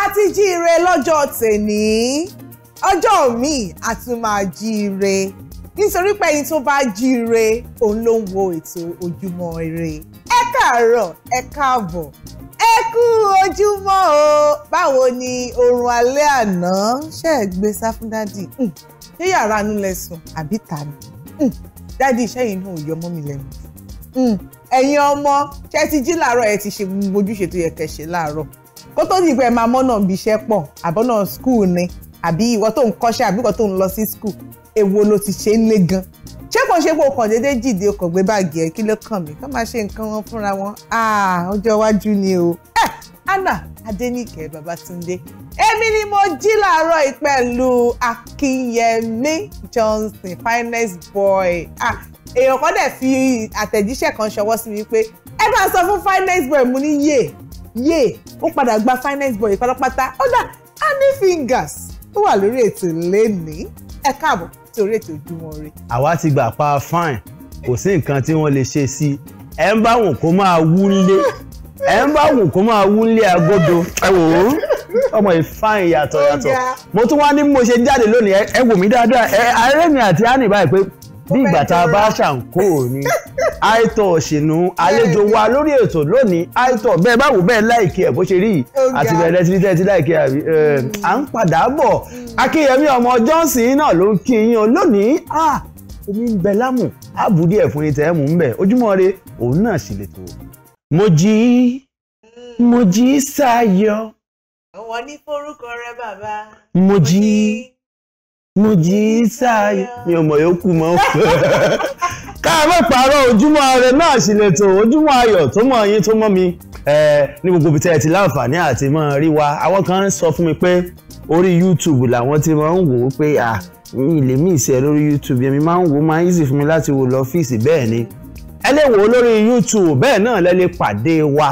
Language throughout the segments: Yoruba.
a ti jíire lọ́jọ́ tèní ọjọ́ míì a tún máa jíire nítorí pé ẹni tó bá jíire òun ló ń wo ètò ojúmọ́ ire ẹ káàárọ̀ ẹ káàbọ̀ ẹ kú ojúmọ́ o báwo ni oorun alẹ́ àná ṣe é gbé sáfúndádì hmm. ṣé yàrá inú lẹ sùn àbí tàbí hmm. dádì iṣẹ́ yìí náà ò yọ ọmọ mi lẹ́nu hmm. ẹ̀yin ọmọ ṣé ti jí làárọ̀ ẹ ti ṣe ojúṣe tó yẹ kẹ́ ṣe làárọ̀ kó tó dìgbà ẹ máa mọ́nà bí iṣẹ́ pọ̀ àbọ̀nà school ni àbí ìwọ tó ń kọ́ṣẹ́ àbí ìwọ tó ń lọ sí school èwo ló ti ṣe ń lé gan ṣé kò ṣe pé o kàn déédéé jìde o kàn gbé báàgì ẹ kí ló kàn mí kó máa ṣe nǹkan wọn fúnra wọn ah, ọjọ́ iwájú ni o. ẹ eh, Anna Adéníkẹ́ Babátúndé èmi ni mo jí làárọ̀ yìí pẹ̀lú Akínyẹmí Johnson finest boy ah, èèyàn kan dẹ̀ fi àtẹ̀jíṣẹ́ kan ṣọwọ́ sí mi pé ẹ bá sọ fún finest boy mo ní yé yé ó padà gba finance boy pátápátá ọ̀dà honey fingers tó wà lórí ètò lẹ́ni ẹ káàbọ̀ sí orí ètò Ojúmọ́ Ire. àwa ti gbà pa fine kò sí nǹkan tí wọ́n lè ṣe sí ẹ ń bá wọn kó máa wú lé ẹ ń bá wọn kó máa wú lé agodo ẹ ó ọmọ ìfáàyàn yàtọ̀ yàtọ̀ mo tún wá ní mo ṣe jáde lónìí ẹ wò mí dáadáa ẹ arẹ́mi àti annie báyìí pé bí ìgbà tá a bá ṣàǹkó ni àìtọ̀ òṣèlú àlejò wa lórí ètò lónìí àìtọ̀ bẹ́ẹ̀ báwo bẹ́ẹ̀ láìkí ẹ̀ bó ṣe rí yìí àti bẹ̀rẹ̀ tí tẹ́ ti láìkí àbí hmm. à ń padà bọ̀ hmm. akínyẹmí ọmọ johnson náà ló ń kí yín o lónìí omi ń bẹ lámù àbùdí ẹ̀fún yìí tẹ́ ẹ̀ mú ń bẹ̀ ojúmọ́ re òun náà sì lè tó. mo jí mo jí sáyọ. àwọn ní forúkọ rẹ bàbá. mo jí mo jí sáyé mi ò mọ̀ yòókù mọ́ káàmọ́ pààrọ̀ ojúmọ́ ire náà sì lè tó ojúmọ́ ayọ̀ tó mọ̀ yín tó mọ̀ mi ní gbogbo ibi tẹ́ ẹ ti láǹfààní àti mọ́ rí wa àwọn kan sọ fún mi pé orí YouTube làwọn ti máa ń wò ó pé à mi lè mí ìṣe lórí YouTube èmi máa ń wò ó máa ń easy fún mi láti wò lọ́fíìsì bẹ́ẹ̀ ni ẹ lè wò ó lórí YouTube bẹ́ẹ̀ náà lẹ pàdé wa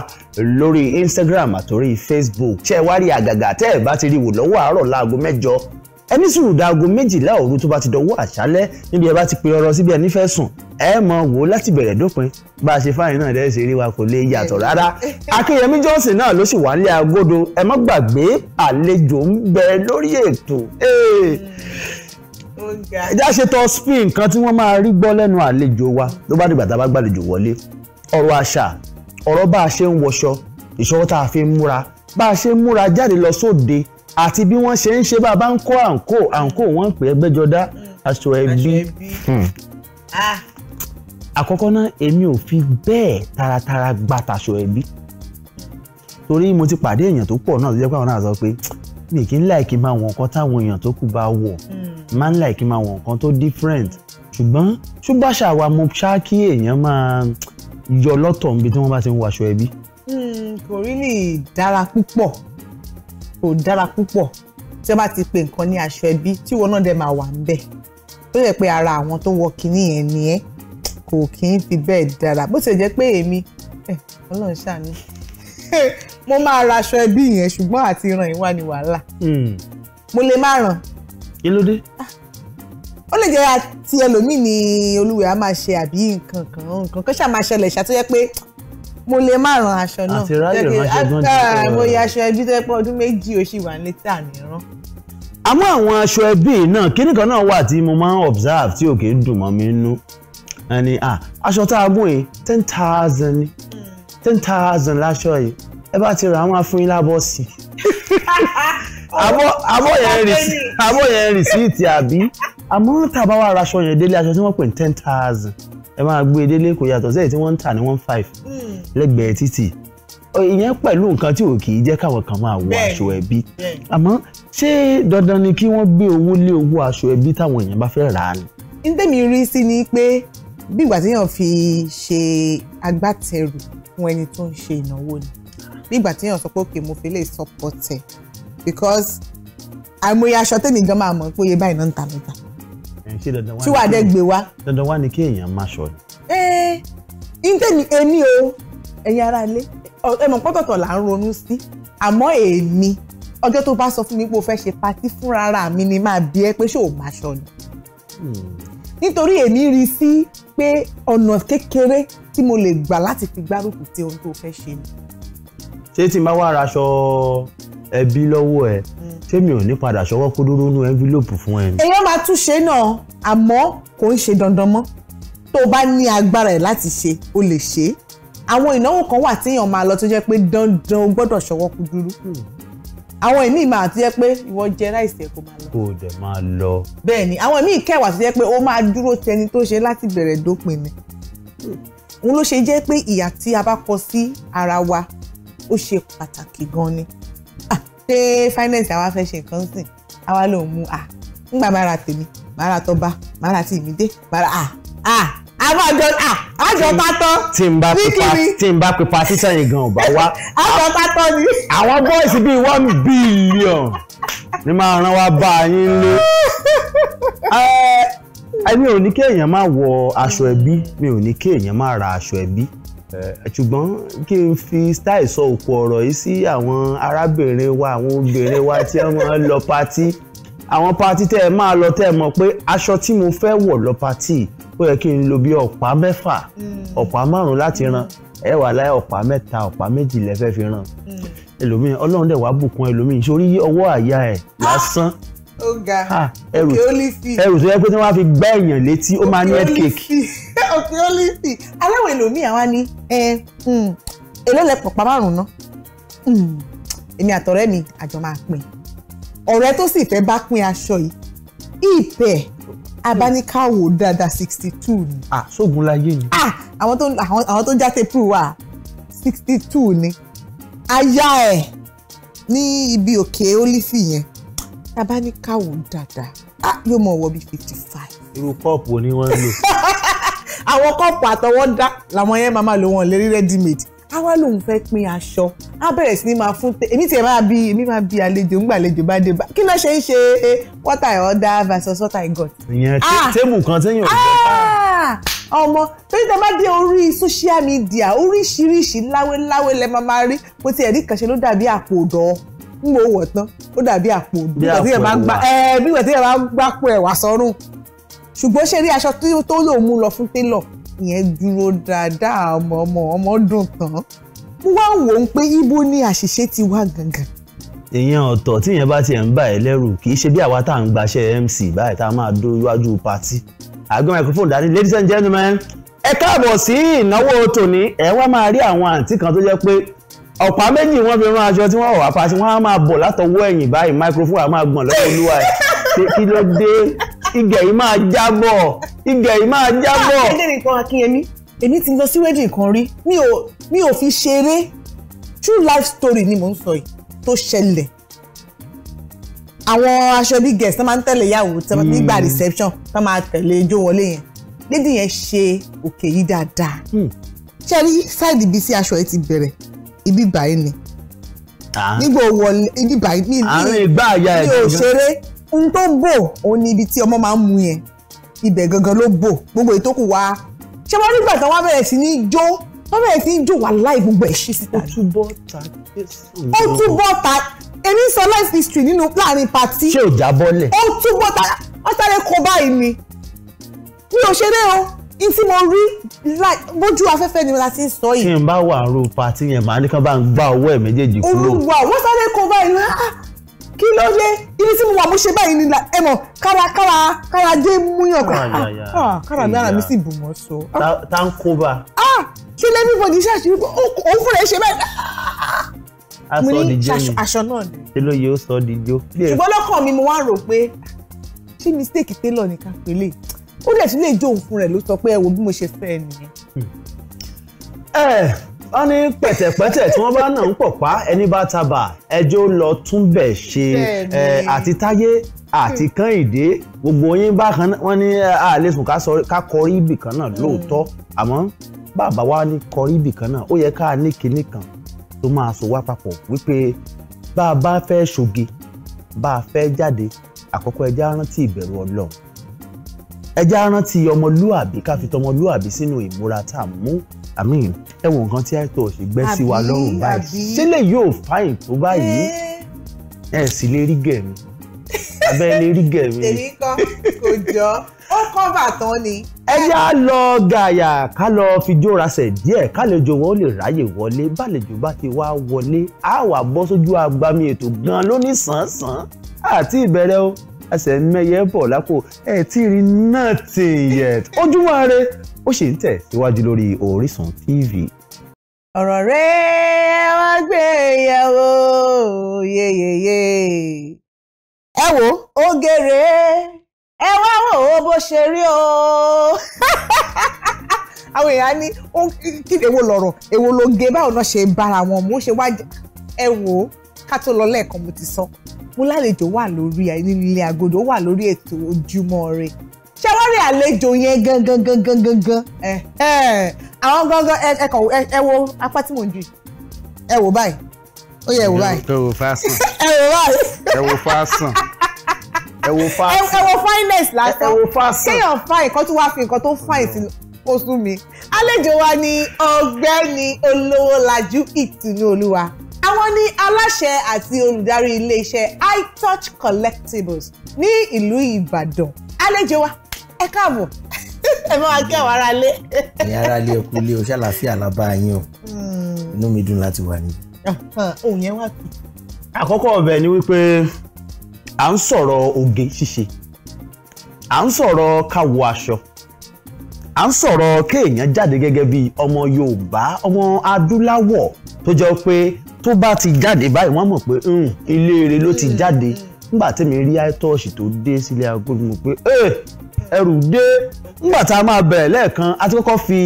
lórí Instagram àtòrí Facebook ṣé ẹ wá rí àgàgà tẹ́ ẹ bá ti rí wò lọ́wọ́ àárọ̀ láago mẹ́jọ ẹni sùúrù da aago méjìlá òru tó bá ti dọwọ́ àṣálẹ́ níbi ẹ bá ti pe ọ̀rọ̀ síbi ẹni fẹ́ sùn ẹ mọ wò láti bẹ̀rẹ̀ dópin bá a ṣe fáyìn náà dẹ́ ṣe rí wa kò lè yàtọ̀ rárá akínyẹmí johnson náà ló sì wà nílé agodo ẹ má gbàgbé àlejò ń bẹ lórí ètò ẹjá ṣe tọ spin kan tí wọ́n máa rí gbọ́ lẹ́nu àlejò wa ló bá dìgbà tá a bá gbàlejò wọlé ọ̀rọ̀ àṣà ọ̀rọ̀ bá a ṣe ń wọṣọ ìṣọwọ́ tá a fi ń múra bá a ṣe ń múra jáde lọ sóde so àti bí wọ́n ṣe ń ṣe bá a bá ń kó àǹkó àǹkó wọ́n ń pè é gbẹ́jọdá aṣọ ẹbí hmm. ah. àkọ́kọ́ náà èmi ò fi bẹ́ẹ̀ taratara gba tàṣọ ẹbí torí mo ti pàdé èèyàn tó pọ̀ náà tó jẹ́ pé àwọn náà sọ pé mi kì í láìkí máa wọ̀ nǹkan táwọn èèyàn tó kù bá wọ̀ hmm. máa ń láìkí máa wọ̀ nǹkan tó different ṣùgbọ́n ṣùgbàṣà wa mo ṣáà kí èèyàn máa yọ lọ́tọ̀ níbi tí wọ́n bá ti ń wọ ẹbí. Hmm, kò rí lè dára púpọ̀ kò dára púpọ̀ tí wọ́n bá ti pe nǹkan ní aṣọ ẹbí tí wọn náà dẹ̀ máa wà ń bẹ̀ tó yẹ pé ara àwọn tó wọ kinní yẹn nìyẹn kò kí ń fi bẹ́ẹ̀ dára bó ṣe jẹ́ pé èmi ọlọ́run ṣàánú mo máa ra aṣọ ẹbí yẹn ṣùgbọ́n àti ràn yín wà ní wàhálà hmm. mo lè má ràn. kí ló dé. Ah. ó lè jẹ́ àti ẹlòmíì ni olúwẹ̀ á máa ṣe àbí nǹkan kan nǹkan kan ṣáà máa pé mo lè má rán aṣọ náà àti ráyè ránṣẹ́ gan jù mo yẹ aṣọ ẹbí tó yẹ pé ọdún méjì ó sì wà létí àmì àmọ́ àwọn aṣọ ẹbí náà kíní kan náà wà tí mo máa ń observe tí òkè dùn mọ́ mi nú ẹni aṣọ tá a gún yìí ten thousand ni hmm. ten thousand láṣọ yìí ẹ bá ti rà àwọn afúnyín lábọ́ sí àbọ̀ yẹn rìsíìtì àbí àmọ́ tàbá wà raṣọ yẹn délé aṣọ tí wọ́n pè ní ten thousand ẹ máa gbé e délé kò yàtọ̀ sẹ́yìn tí wọ́n ń tà ní one five hmm. lẹ́gbẹ̀ẹ́ títì ìyẹn pẹ̀lú nǹkan tí ò kì í jẹ́ káwọn kan máa wọ aṣọ ẹbí àmọ́ ṣé dandan ni kí wọ́n gbé owó lé owó aṣọ ẹbí táwọn èèyàn bá fẹ́ rà á ni. ní tèmi rí sí ni pé bí ìgbà téèyàn fi ṣe agbátẹrù fún ẹni tó ń ṣe ìnáwó ni bí ìgbà téèyàn sọ pé òkè mo fi lè support ẹ because àìmọye aṣọ tèmi gan máa mọ̀ pé oyè báyìí náà ń ta lọ́jà tí dandan wá. tí wàá dẹ gbé wá. dandan wá ni kí èèyàn má ṣọ. ẹ ẹ eh, ntẹ́mi èmi o ẹ̀yin ará ilé ẹ̀mọ̀ pọ́tọ̀tọ̀ là ń ronú sí àmọ́ èmi ọjọ́ tó bá sọ fún mi pé o fẹ́ ṣe patí fúnra ara mi ni máa bí ẹ pé ṣé o máa ṣọ ni. Hmm. nítorí èmi rí sí pé ọ̀nà kékeré tí mo lè gbà láti fi gbárùkù ti ohun tó fẹ́ ṣe ni. ṣé tí n bá wá aṣọ ẹbí lọ́wọ́ ẹ hmm tèmi ò ní padà ṣọwọ́ kó dúró nú envelope fún ẹ. èèyàn máa tún ṣe náà àmọ́ kò ń ṣe dandan mọ́ tó o bá ní agbára ẹ̀ láti ṣe o lè ṣe é àwọn ìnáwó kan wà téèyàn máa lọ tó jẹ́ pé dandan o gbọ́dọ̀ ṣọwọ́ kó dúró àwọn ìmíì máa tó jẹ́ pé ìwọ jẹ ráìsì ẹ kó máa lọ. kó o dẹ̀ máa lọ. bẹ́ẹ̀ ni àwọn ìmíì kẹwàá tó jẹ́ pé ó máa dúró tẹni tó ṣe láti bẹ̀rẹ̀ dópin ni òun ló ṣe jẹ́ pé ìyà tí a bá kọ sí ara wa ó ṣe pàtàkì gan ni ṣé finance àwa fẹ́ ṣe nǹkan sìn àwa lòun mu à ńgbà máa ra tèmi máa ra tọ́ba máa ra tèmi dé máa ra à à àwọn àjọ à àjọ bá tán tí n bá pípa tí n bá pípa títàn yìí gan ọba wa àjọ bá tán ni. àwọn bọ́ọ̀sì bíi one billion ni máa rán wa bá a yín lé ẹni eh, eh, ò ní kéèyàn máa wọ aṣọ ẹbí mi ò ní kéèyàn máa ra aṣọ ẹbí Eh, ṣùgbọ́n kí n fi style sọ òkú ọ̀rọ̀ yìí sí àwọn arábìnrin wa àwọn obìnrin wa tí wọ́n lọ patí àwọn patí tẹ́ ẹ máa lọ tẹ́ ẹ mọ̀ pé aṣọ tí mo fẹ́ wọ̀ lọ patí ó yẹ kí n lo bí ọ̀pá mẹ́fà hmm. ọ̀pá márùn-ún láti ran ẹ wà láyé ọ̀pá mẹ́ta ọ̀pá méjì lẹ́fẹ́ fi ran hmm. ẹlòmíì ọlọ́run dẹ̀ wá bùkún ẹlòmíì sórí ọwọ́ àyà ẹ̀ lásán ah, ah, ẹrù tó yẹ pé tí wọ́n á fi gbẹ́ purity aláwọ̀ ẹlòmíì àwa ni hmm, èló lẹ pọ̀ pa márùn-ún ná hmm, èmi àtọ̀rẹ́ mi àjọ máa pín ọ̀rẹ́ tó sì fẹ́ bá pín aṣọ yìí ìpẹ́ abáníkàwò dáadáa sixty two ni. ah sóògùn láyé ni. ah àwọn tó àwọn tó jáde pù wá sixty two ni aya ẹ̀ ní ibi òkè olífì yẹn abáníkàwò dáadáa ah yóò mọ̀ wọ́ bí fifty five. irú pọ́ọ̀pù ni wọ́n ń lò. àwọn kọ́ọ̀pù àtọwọ́dá làwọn yẹn máa lò wọ́n lè rí ready made àwa lòun fẹ́ pín aṣọ á bẹ̀rẹ̀ sí ni máa fún tẹ èmi tiẹ̀ máa bi èmi máa bi àlejò ńgbà àlejò bá dé bá kí ló ṣe ń ṣe eh, what I order versus what I got. ìyẹn ah! tébù kan téèyàn ò jẹ́ bá. Ah! ọmọ torí tẹ bá dé orí social media oríṣiríṣi láwéláwé lẹ máa máa rí bó tiẹ̀ rí kàṣe ló dàbí àpò ọ̀dọ́ ń mọ̀ wọ̀ tán ó dàbí àpò ọ̀dọ́ bí wọ́n ti yẹ máa gbà pọ̀ ẹ̀wà sọ́rùn ṣùgbọ́n ṣe rí aṣọ tó lò mú lọ fún télọ̀ ìyẹn dúró dáadáa ọmọ ọmọ ọmọ dùn tán mo wá wò ó pé ibo ni àṣìṣe ti wá gangan. èèyàn ọ̀tọ̀ tí ìyẹn bá tiẹ̀ ń bà ẹ́ lẹ́rù kì í ṣe bí àwa tá à ń gbaṣẹ́ MC báyìí tá a máa dó iwájú patí àgbọn microphone dání ladies and gentlemen ẹ káàbọ̀ sí ìnáwó tòní ẹ wá máa rí àwọn àǹtí kan tó jẹ́ pé ọ̀pá méjì wọ́n fi rán aṣọ tí wọ́n wà pàṣẹ wọ́n á máa bọ̀ látọwọ́ ẹ̀yìn báyìí microphone á máa gbọ̀n lọ́wọ́ olúwa ẹ̀ kí ló dé igẹ̀ yìí máa jábọ̀ igẹ̀ yìí máa já bá a kéde nǹkan akínyẹmí èmi ti lọ sí wedding kan rí mi ò mi ò fi ṣeré true life story ni mò ń sọ yìí tó ṣẹlẹ̀ àwọn aṣọ bí guest tó máa ń tẹ̀lé ìyàwó tó máa nígbà hmm. reception tó máa tẹ̀lé ijó wọlé yẹn lédi yẹn ṣe òkè yìí dáadáa hmm. ṣe rí sáìdì ibi tí aṣọ yẹn ti bẹ̀rẹ̀ ibi báyìí ni nígbà wọlé ibi báyìí mi ò ṣeré n tó bò òun ni ibi tí ọmọ máa ń mu yẹn ibẹ̀ gangan ló bò gbogbo ìtókù wa ṣé wọ́n nígbà tí wọ́n bẹ̀rẹ̀ sí ní jó wọ́n bẹ̀rẹ̀ sí ní jó wà gbogbo ẹ̀ ṣí síta. ó túbọ̀ ta ta èmi sọ life history nínú láàrin pàtí. ṣé ò jábọ́lẹ̀. ó túbọ̀ ta wọ́n sáré kó báyìí mi mi ò ṣeré o n tí mo rí bójú afẹ́fẹ́ ni mo ti ń sọ yìí. tí n bá wà ro pàtí yẹn màá ní kán bá ń gbá ọwọ́ ẹ̀ méjèèjì kúrò. olùwà wọ́n sáré kó báyìí kí ló dé ibi tí mo wà mo ṣe báyìí ni ẹ mọ̀ kárakára kárajé múyàn pé ah, ah, ah, kára mi ara mi sì bù mọ́ so. tá ń kó bá. kí lẹ́bí bọ̀dì ṣàṣírí òun fúnra ẹ ṣe báyìí mo ní aṣọ náà ni. ṣe ló yẹ ó sọ di jó. ṣùgbọ́n lọ́kàn mi mo wá rò pé ṣé mistake tailor ni ká pélé ó dẹ̀ tún lè jó òun fún rẹ̀ ló sọ pé ẹ wo bí mo ṣe fẹ́ ẹ nìyẹn. ẹ hmm. eh, wọ́n ní pẹ̀tẹ̀pẹ̀tẹ̀ tí wọ́n bá náà ń pọ̀ pa ẹni bá tabà ẹjọ́ lọ tún bẹ̀ ṣe àti táyé àti hmm. kànìdé gbogbo yín bákan wọ́n ní àlesùn ká kọrí ibì kan náà hmm. lóòótọ́ àmọ́ bàbá wa ní kọrí ibì kan náà ó yẹ ká ní kinní kan tó máa so wá papọ̀ wípé bá a bá fẹ́ ṣoge bá a fẹ́ jáde àkọ́kọ́ ẹja rántí ìbẹ̀rù ọlọ́run ẹja rántí ọmọlúàbí ká fi tọmọlúàbí sínú ìmúra tá a mú i mean ẹ wo nǹkan tí àìtó ṣe gbẹ́ sí wa lọ́rùn báyìí sílẹ̀ yóò fáyìn tó báyìí ẹ sì lè rí gẹ̀mí abẹ́ lè rí gẹ̀mí. èmi kọ́ kò jọ ó kọ́bà tán ni. ẹ yá lọ gàyà ká lọ fi jórasẹ̀ díẹ̀ kálejò wọn ó lè ráyè wọlé bálejò bá ti wá wọlé á wà bọ́ sójú agbami ètò gan-an lónìí sàn-án àti ìbẹ̀rẹ̀ o ẹsẹ̀ mẹ́yẹ bọ̀ lápò ẹ̀ tí rí nothing yet ojúmọ́ ire ó sì ń tẹ̀ síwájú lórí Orísun TV. ọ̀rọ̀ rẹ̀ wá gbé ìyàwó yeyeye ẹ wo ó gèrè ẹ wá wò ó bó ṣe rí o àwọn èèyàn ní ó kíni èwo lọ̀rọ̀ èwo ló gé báwo náà ṣe bára wọn mú ṣe wá ẹ wò ó ká tó lọ lẹ́ẹ̀kan mo ti sọ mo lálejò wà lórí ilé agodo ó wà lórí ètò ojúmọ́ ire ṣàwárí àlejò yẹn gangan gangan gangan ẹ ẹ àwọn gangan ẹ kàn ẹ wo apá tí mò ń jù ẹ wò báyìí ó yẹ ẹ wò báyìí ẹ wò fásán ẹ wò báyìí ẹ wò fásán ẹ wò fásán ẹ wò fineness lásán ẹ wò fásán kéèyàn fine nǹkan tó wá fi nǹkan tó fine sí kó sú mi àlejò wa ni ọ̀gbẹ́ni Olówólájú Ìtùnúolúwa àwọn ni aláṣẹ àti olùdarí iléeṣẹ́ itouch collectibles ní ìlú ìbàdàn àlejò wa ẹ káàbọ̀ ẹ máa kí àwọn aráalé. ní aráalé ẹ kú ilé o ṣàlàáfíà lábá yín o hmm. inú mi dùn láti wà ní. òun yẹn wà kí. àkọ́kọ́ ọbẹ̀ ni wípé à ń sọ̀rọ̀ oge ṣíṣe à ń sọ̀rọ̀ káwọ aṣọ à ń sọ̀rọ̀ kéèyàn jáde gẹ́gẹ́ bí ọmọ Yorùbá ọmọ adúláwọ̀ tó jẹ́ pé tó bá ti jáde báyìí wọ́n mọ̀ pé hmm, ilé rẹ ló ti jáde hmm, hmm, nígbà tẹ́mi rí àìtọ́ọ̀ṣì tó dé sílé aago mi mọ̀ pé eh, ẹrù dé nígbà tá a máa bẹ̀rẹ̀ lẹ́ẹ̀kan a ti kọ́kọ́ fi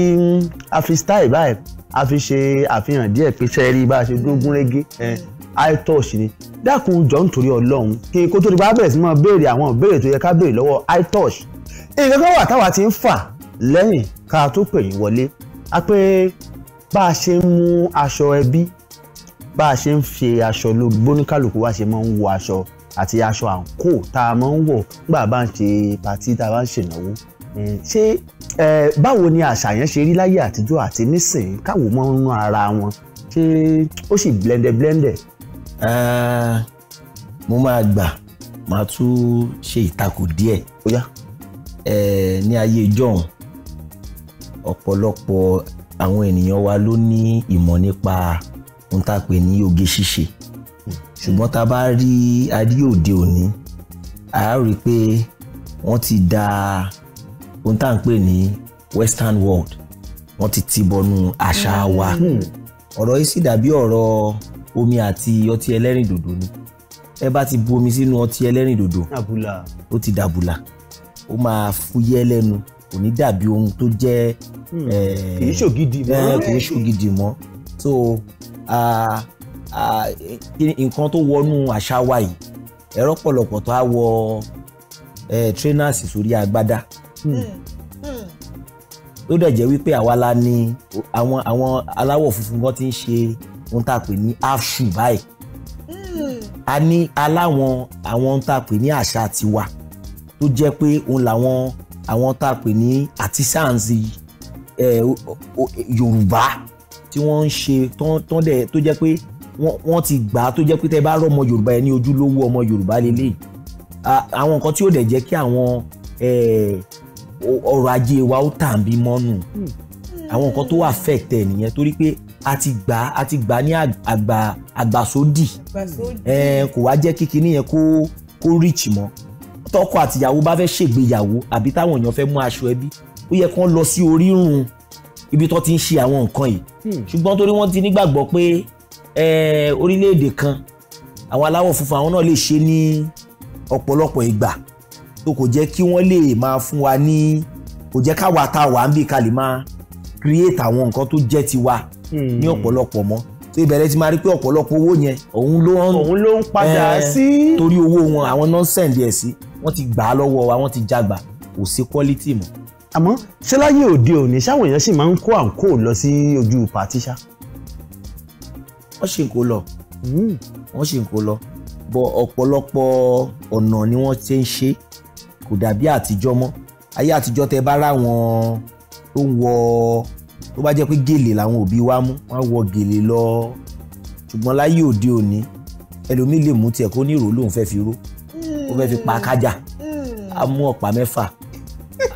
àfi style báyìí a fi ṣe àfihàn díẹ̀ pé ṣe rí bá a ṣe dógún régé àìtọ́ọ̀ṣì ni dákun jọ nítorí ọlọ́run kí n kó tó di bá bẹ̀rẹ̀ sí máa béèrè àwọn ìbéèrè tó yẹ ká béèrè lọ́wọ́ àìtọ́ọ̀ṣì nǹkan kan wà táwa ti ń fà lẹ́yìn ká tó pè yín wọlé a pé bá a ṣe ń mú aṣọ ẹbí bá a ṣe ń ṣe aṣọ lórí bóníkàlùkù wa ṣe máa ń wọ aṣọ àti aṣọ àǹkó tá a máa ń wọ nígbà bá ń ṣe patí tá a bá ń ṣènáwó ṣé báwo ni àṣà yẹn ṣe rí láyé àtijọ́ àti nísìnyí káwọn mọ́ ń rán ara wọn ṣé ó sì blẹ́ndẹ̀ blẹ́ndẹ̀. mo máa gbà máa tún ṣe ìtakò díẹ̀ ní ayé ìjọ́un ọ̀pọ̀lọpọ̀ àwọn ènìyàn wa ló ní ìmọ̀ nípa n ta pè ní oge ṣíṣe ṣùgbọ́n tá a bá rí adé òde òní a rí i pé wọ́n ti da ohun tá à ń pè ní western world wọ́n ti ti bọnú àṣà hmm. wa ọ̀rọ̀ yìí sì dàbí ọ̀rọ̀ omi àti ọtí ẹlẹ́rìndòdò ni ẹ bá ti bu omi sínú ọtí ẹlẹ́rìndòdò ó ti dàbùlà ó máa fúyẹ́ lẹ́nu kò ní dàbí ohun tó jẹ́ hmm. eh, kì í ṣògidì mọ́ eh, so nǹkan tó wọnú àṣà wa yìí ẹ̀rọ pọ̀lọpọ̀ tó á wọ trainers sórí agbádá hmm. Hmm. Hmm. ó dẹ̀ jẹ́ wípé àwa la ní àwọn àwọn aláwọ̀ funfun kan ti ń ṣe ohun tá a pè ní half shoe báyìí a ní aláwọn àwọn tá a pè ní àṣà tiwa tó jẹ́ pé òun làwọn àwọn tá a pè ní artisans Yorùbá tí wọ́n ń ṣe tán dẹ̀ tó jẹ́ pé wọ́n ti gbà á tó jẹ́ pé tẹ́ bá rọ ọmọ Yorùbá ẹni ojúlówó ọmọ Yorùbá lélẹ̀ àwọn nǹkan tí ò dẹ̀ jẹ́ kí àwọn ọrọ̀ ajé wa ó tàbí mọ́nù hmm. àwọn nǹkan tó wà affect ẹ̀ nìyẹn torí pé a ti gbà a ti gbà ní àgbà àgbàsódì kò wá jẹ́ kí kinní yẹn kó kó reach mọ́ tọkọ àtìyàwó bá fẹ́ ṣègbéyàwó àbí táwọn èèyàn fẹ́ mú aṣọ ẹbí ó yẹ kán lọ sí orírun ibi tó ti ń ṣe àwọn nǹkan yìí hmm. ṣùgbọ́n torí wọ́n ti nígbàgbọ́ pé orílẹ̀-èdè kan àwọn aláwọ̀ funfun àwọn náà lè ṣe ní ọ̀pọ̀lọpọ̀ ìgbà tó kò jẹ́ kí wọ́n lè máa fún wa ní kò jẹ́ káwa tá a wà ń bì ká lè máa create àwọn nǹkan tó jẹ́ tiwa hmm. ní ọ̀pọ̀lọpọ̀ mọ́ tó ìbẹ̀rẹ̀ ti máa rí pé ọ̀pọ̀lọpọ̀ owó yẹn òun ló ń òun ló ń padà sí torí owó wọn àwọn nọ́ńsẹ̀ǹdì ẹ̀ sí wọ́n ti gbà á lọ́wọ́ wa wọ́n ti jagbà kò sí quality mọ́ àmọ́ ṣé láyé òde òní ṣáwọn èèyàn sì máa ń kó àǹkó lọ sí ojú pàtí ṣá. wọ́n sì ń kó lọ hmm. wọ́n sì ń kó lọ bọ ọ̀pọ̀lọpọ̀ ọ̀nà ni wọ́n ti ń ṣe kò dàbí àtijọ́ mọ́ ayé àtijọ́ tẹ bá ráwọn tó ń wọ tó bá jẹ́ pé gèlè làwọn òbí wa mú wọ́n á wọ gèlè lọ ṣùgbọ́n láyé òde òní ẹlòmíì lè mú tiẹ̀ kó ní ìró lòun fẹ́ fi ró ó fẹ́ fi pa kájà hmm. á mú ọ̀pá mẹ́fà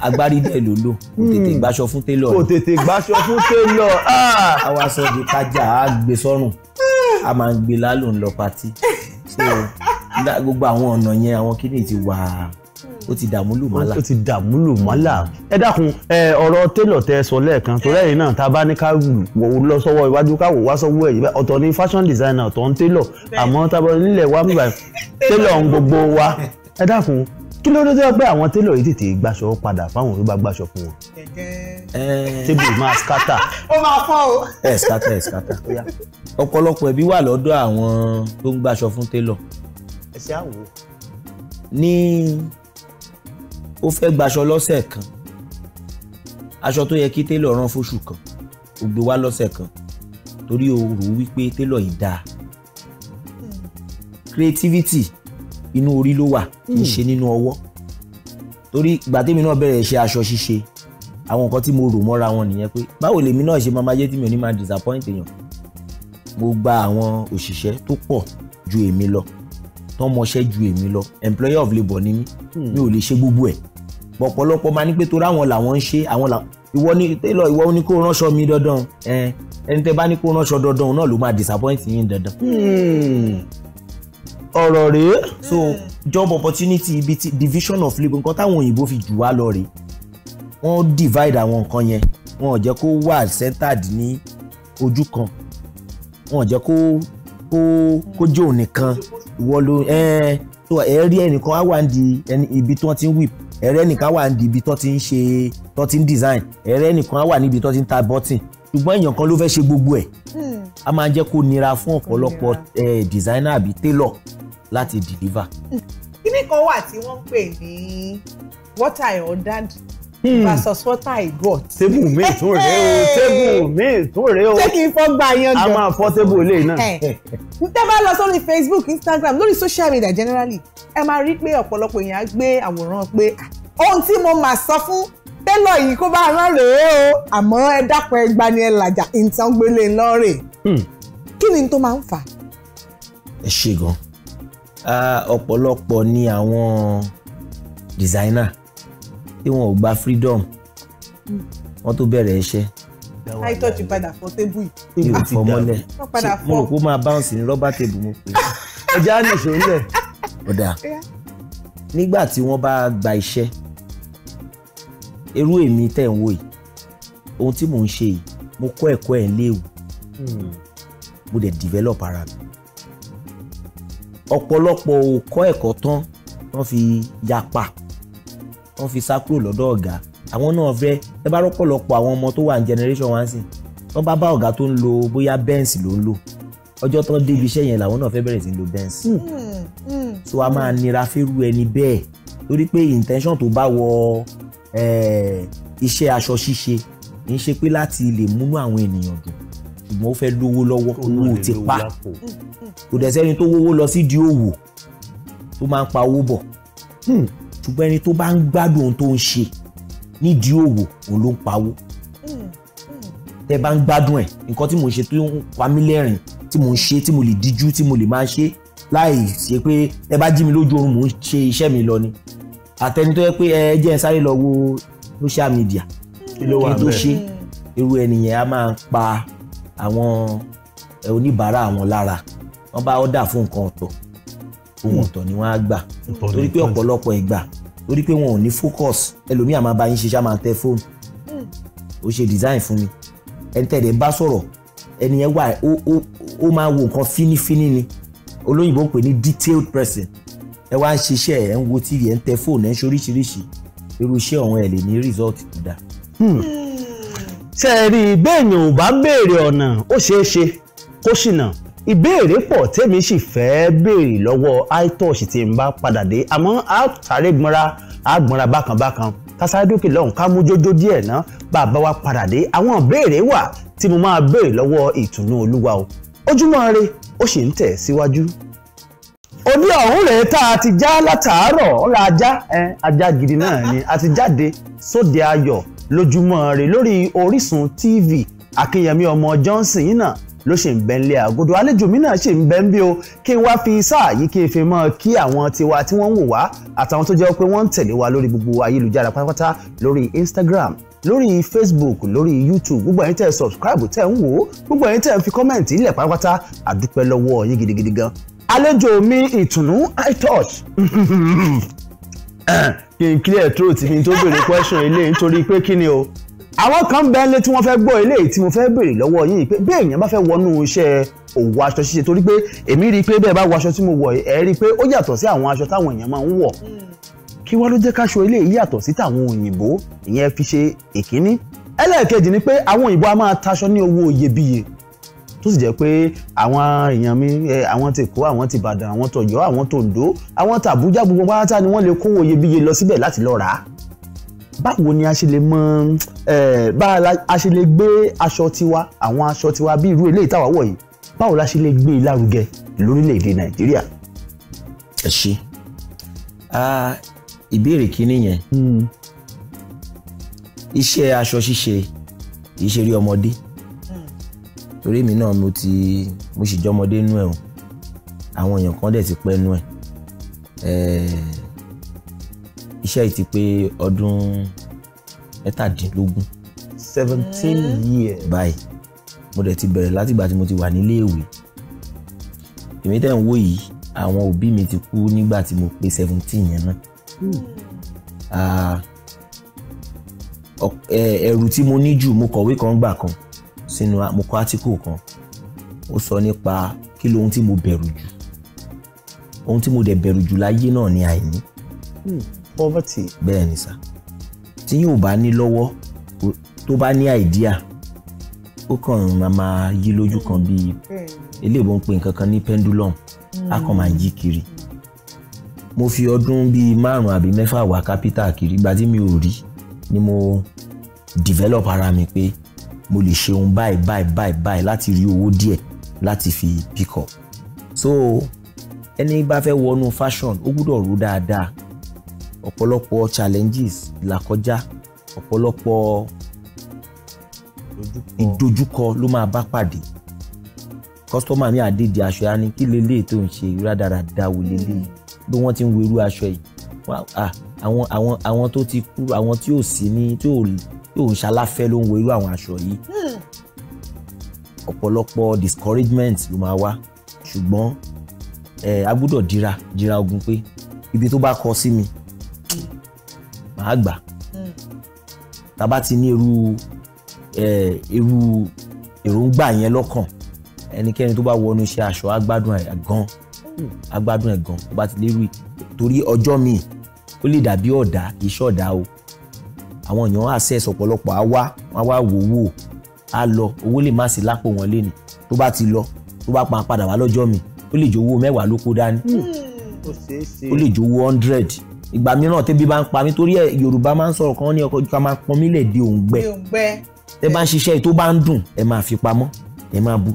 agbárí dẹ̀ ló lò kò hmm. tètè gbáṣọ fún télọ̀ kò tètè gbáṣọ fún télọ̀ àwa ah! sọ di kájà á gbé sọ́rùn a máa ń gbé lálò ń lọ patí gbogbo àwọn ọ̀nà yẹn àwọn kíní ti wà ó ti dàmúlù mọ́là. ó ti dàmúlù mọ́là. ẹ dákun ọ̀rọ̀ télọ̀ tẹ sọ lẹ́ẹ̀kan torí ẹ̀yin náà tá a bá ní ká wò ó lọ sọ́wọ́ iwájú ká wò wá sọ́wọ́ ẹ̀yìn bẹ́ẹ̀ ọ̀tọ̀ ní fashion designer ọ̀tọ̀ ń télọ̀ àmọ́ tábọ̀ nílẹ̀ wa nígbà télọ̀ ń gbogbo wa ẹ dákun kí ló dé ọgbẹ́ àwọn télọ̀ yìí tètè gbaṣọ padà fáwọn tó bá gbaṣọ fún wọn. tébù máa skata. ó máa fọ́ o. ẹ skata ẹ skata ọ̀pọ̀lọpọ̀ ẹbí wà lọ́dọ̀ àwọn tó ń gbaṣọ fún télọ̀. ẹ àwò. ní ó fẹ́ gbaṣọ lọ́sẹ̀ kan aṣọ tó yẹ kí télọ̀ rán fóṣù kan ó gbé wá lọ́sẹ̀ kan torí o rò wípé télọ̀ yìí dáa creativity inú orí ló wà kì í hmm. ṣe nínú ọwọ́ torí ìgbà tèmi náà bẹ̀rẹ̀ ṣe aṣọ ṣíṣe àwọn nǹkan tí mo rò mọ́ra wọn nìyẹn pé báwo lèmi náà ṣe máa máa yé tí mi ò ní máa disappoint èèyàn mo gba àwọn òṣìṣẹ́ tó pọ̀ ju èmi lọ tán mọṣẹ́ ju èmi lọ employer of labour ni mí hmm. mi ò lè ṣe gbogbo ẹ̀ ọ̀pọ̀lọpọ̀ máa ní pé torí àwọn làwọn ń ṣe àwọn làwọn ìwọ ní tẹ́lọ̀ ìwọ ní kó ránṣọ mi dandan ẹni tẹ́ bá ní kó ránṣọ dandan náà ló máa disappoint yín dandan hmm ọ̀rọ̀ rèé so hmm. job opportunity ibi ti division of labour nǹkan táwọn òyìnbó fi jù wá lọ rèé wọ́n divide àwọn nǹkan yẹn wọn ò jẹ́ kó wà centered ní ojú kan wọn ò jẹ́ kó kó kó jẹ́ òun nìkan ìwọ ló ẹ́ẹ́ so ẹ rí ẹnìkan á wà ní ibi tí wọ́n ti ń whip ẹ rí ẹnìkan á wà ní ibi tí wọ́n ti ń ṣe tí wọ́n ti ń design ẹ rí ẹnìkan á wà níbi tí wọ́n ti ń ta button ṣùgbọ́n èèyàn kan ló fẹ́ ṣe gbogbo ẹ̀ hmm. a máa ń jẹ́ kó nira fún ọ̀pọ̀lọpọ̀ designer àbí tailor láti deliver. kíní kan wà tí wọ́n ń pè ní what I ordered hmm. versus water I got. tébù mi tún rèé o tébù mi tún rèé o. ṣé kì í fọ́ gba yan gan. a máa fọ́ tébù ilé náà. tẹ́ bá lọ sórí Facebook Instagram lórí social media generally ẹ máa rí pé ọ̀pọ̀lọpọ̀ èèyàn á gbé àwòrán pé ohun tí mo máa sọ fún tẹ́lọ̀ yìí kó bá rán rèé o àmọ́ ẹ dákun ẹ gba ni ẹ làjà ìtàn gbélé ńlọrẹ. Hmm. kí ni tó máa ń fà. ẹ ṣe gan-an ọ̀pọ̀lọpọ̀ ni àwọn designer tí wọn ò gba freedom hmm. wọn tó bẹ̀rẹ̀ iṣẹ́. àìtọ́ ti padà fọ tébù yìí. mi ò fọ mọ́lẹ̀ mo rò pé ó máa bounce ní rọ́bà tébù mo pè é. ẹja á nìṣó ńlẹ̀. ọ̀dà nígbà tí wọ́n bá gba iṣẹ́ irú èmi tẹ̀ ń wò yìí ohun tí mò ń ṣe yìí mo kọ́ ẹ̀kọ́ ẹ̀ léwu hmm. mo dẹ̀ develop ara mi ọ̀pọ̀lọpọ̀ ò kọ́ ẹ̀kọ́ tán wọ́n fi yapa wọ́n fi sá kúrò lọ́dọ̀ ọ̀gá àwọn náà fẹ́ ẹ bá rọ́pọ̀lọpọ̀ àwọn ọmọ tó wà ní generation one sí wọ́n bá bá ọ̀gá tó ń lo bóyá Benz ló ń lò ọjọ́ tán débi iṣẹ́ yẹn làwọn náà fẹ́ bẹ̀rẹ̀ sí lo Benz hmm, hmm, hmm. so a máa nira fẹ́rù ẹni bẹ́ẹ̀ torí pé intention tó bá wọ eh, iṣẹ́ aṣọ ṣíṣe kì í ṣe pé láti lè múnú àwọn ènìyàn dùn mo ó fẹ́ lówó lọ́wọ́ owó ti pa kò dẹ̀ sẹ́ni tó wówó lọ sí di òwò tó máa ń pa owó bọ̀ hmm, ṣùgbọ́n ẹni tó bá ń gbádùn ohun tó ń ṣe nídìí òwò òun ló ń pawó tẹ bá ń gbádùn ẹ̀ nǹkan tí mo ń ṣe tó ń pa mí lẹ́rìn tí mo ń ṣe tí mo lè díjú tí mo lè máa ṣe láì ṣe pé ẹ bá jí mi lójú oorun mò ń ṣe iṣẹ́ mi lọ ni àtẹni tó yẹ pé ẹ jẹ́ ẹ sáré lọ wo social media kí ló wà bẹ́ẹ̀ irú ẹnìyẹn a máa pa àwọn eh, oníbàárà wọn lára wọ́n bá ọ̀dà fún nǹkan ọ̀tọ̀ ohun hmm. ọ̀tọ̀ ni wọ́n á gbà torí pé ọ̀pọ̀lọpọ̀ ìgbà torí pé wọn ò ní focus ẹlòmíì àmọ́ bá yín ṣiṣẹ́ máa tẹ fóònù hmm. ó ṣe design fún mi ẹni tẹ̀lé bá sọ̀rọ̀ ẹni yẹn wà ó máa wo nǹkan fínífíní ni olóyìnbó pè ní detailed person ẹ wá ń ṣiṣẹ́ ẹ̀ ń wo tv ẹ̀ ń tẹ fóònù ẹ̀ ń ṣoríṣiríṣi irú iṣẹ́ ọ̀hún ẹ̀ lè ní result tó dáa. Hmm ṣe é rí béèyàn ò bá béèrè ọ̀nà ó ṣeé ṣe kó ṣìnà ìbéèrè pọ̀ tèmi sì fẹ́ẹ́ béèrè lọ́wọ́ itosh tí n bá padà dé àmọ́ a sáré gbọ́nra a gbọ́nra bákan bákan kásárédókè lọ́hùn ká mú jójó díẹ̀ ná bá a bá wa padà dé àwọn ìbéèrè wà tí mo máa béèrè lọ́wọ́ ìtùnú olúwa o ojúmọ́ ire ó sì ń tẹ̀ síwájú. òde ọ̀hún rèé tá a ti já látàárọ̀ ọ̀rọ̀ ajá ajá gidi náà ni a ti jáde sóde ayọ̀ lójúmọ́ rè lórí Orísun TV Akínyẹmí ọmọ Johnson yìí náà ló ṣe ń bẹ ń àgọ́dọ̀ àlejò mi náà ṣe ń bẹ bí o kí n wá fi sáà yìí kí n fi mọ́ kí àwọn tiwa tí wọ́n ń wò wá àtàwọn tó jẹ́ pé wọ́n ń tẹ̀lé wa lórí gbogbo ayélujára pátápátá lórí Instagram lórí facebook lórí youtube gbogbo ẹ̀yin tẹ́ ẹ subscribe tẹ́ ẹ ń wò ó gbogbo ẹ̀yin tẹ́ ẹ fi kọ́mẹ̀ǹtì ilẹ̀ pátápátá àdúpẹ́ lọ́wọ́ yín gidigidi gan. àlejò mi ìtùnú high touch kí n clear throat mi tó béèrè question eléyìí nítorí pé kí ni o àwọn kan bẹ́ẹ̀ lé tí wọ́n fẹ́ gbọ́ eléyìí tí mo fẹ́ béèrè lọ́wọ́ yín pé bí èèyàn bá fẹ́ wọnú iṣẹ́ òwò aṣọ ṣíṣe torí pé èmi rí i pé bẹ́ẹ̀ bá wọ aṣọ tí mo wọ̀ ẹ́ rí i pé ó yàtọ̀ sí àwọn aṣọ táwọn èèyàn máa ń wọ̀ kí wá ló jẹ́ káṣọ eléyìí yàtọ̀ sí tàwọn òyìnbó ìyẹn fi ṣe èkíní ẹlẹ́ẹ̀kejì ni pé àwọn òyìnbó a máa taṣọ ní owó iyebíye tó sì jẹ́ pé àwọn èèyàn mi àwọn ti Èkó àwọn ti Ìbàdàn àwọn tọ̀yọ́ àwọn tòǹdó àwọn tàbújá gbogbo pátá ni wọ́n lè kówó iyebíye lọ síbẹ̀ láti lọ rà á báwo ni a ṣe lè mọ ẹ bá a ṣe lè gbé aṣọ tiwa àwọn aṣọ tiwa bí irú eléyìí táwa wọ̀ yìí báwo la ṣe lè gbé e lárugẹ lórílẹ̀‐èdè nàìjíríà. ẹ ṣe ìbéèrè kínní yẹn hmm. iṣẹ́ aṣọ ṣíṣe kì í ṣe rí ọmọdé torí èmi náà mo ti mo sì jọmọdé nú ẹ̀ o àwọn èèyàn kan dẹ̀ ti pẹ́ nú ẹ̀ iṣẹ́ yìí ti pé ọdún mẹ́tàdínlógún seventeen years báyìí mo dẹ̀ ti bẹ̀rẹ̀ látìgbà tí mo ti wà nílé ìwé èmi tẹ̀ ń wò yìí àwọn òbí mi ti kú nígbà tí mo pé seventeen yẹn náà hmm. ah, ẹ̀rù tí mo ní jù mo kọ̀wé kan gbà kan sínú mo kọ átíkù kan ó sọ nípa kí lohun tí mo bẹ̀rù jù ohun tí mo dẹ̀ bẹ̀rù jù láyé náà ni àìní. Hmm, poverty. bẹ́ẹ̀ ni sà tí yóò bá ní lọ́wọ́ tó bá ní àìdíà ó kàn máa máa yí lójú kan bíi hmm. eléèbó ń pè nǹkan ní pendulum á kàn máa yí kiri mo fi ọdún bíi márùn àbí mẹ́fà wá kápítà kiri gba tí mi ò rí ni mo develop ara mi pé mo lè ṣe ohun báyìí báyìí báyìí báyìí láti rí owó díẹ̀ láti fi pick up so ẹni bá fẹ́ wọnú fashion ó gbúdọ̀ rú dáadáa ọ̀pọ̀lọpọ̀ challenges là kọjá ọ̀pọ̀lọpọ̀ ìdojúkọ ló máa bá pàdé kọ́sítọ́mà mi àdédé aṣọ ya ni kí leléyìí tó ń ṣe rádaràda wò leléyìí bí wọ́n ti ń werú aṣọ yìí àwọn àwọn àwọn tó ti kú àwọn tí ò sí ní tí ò yóò ń ṣaláfẹ́ ló ń wo irú àwọn aṣọ yìí hmm. ọ̀pọ̀lọpọ̀ discouragement ló máa wá ṣùgbọ́n ẹ a gbúdọ̀ dira dira ogun pé ibi tó bá kọ sí mi màá gbà hmm. tá a bá ti ní irú irú èròǹgbà yẹn lọ́kàn ẹnikẹ́ni tó bá wọnú iṣẹ́ aṣọ agbádùn ẹ̀ gan agbádùn hmm. ẹ̀ gan tó bá ti lérú torí ọjọ́ míì ó lè dàbí ọ̀dà kì í o àwọn èèyàn access ọ̀pọ̀lọpọ̀ á wá wọ́n á wá wò wò á lọ owó lè má sí lápò wọn lé ní tó bá ti lọ tó bá pa padà wá lọ́jọ́ mi ó lè jowó mẹ́wàá ló kó dání hmm. ó lè jowó hundred ìgbà mìíràn tẹ́bí bá ń pa mí torí ẹ̀ Yorùbá máa ń sọ̀rọ̀ kan ní ọkọ̀ ká máa pọn mí lẹ̀ di òǹgbẹ tẹ́ bá ń ṣiṣẹ́ tó bá ń dùn ẹ máa fi pamọ́ ẹ máa bu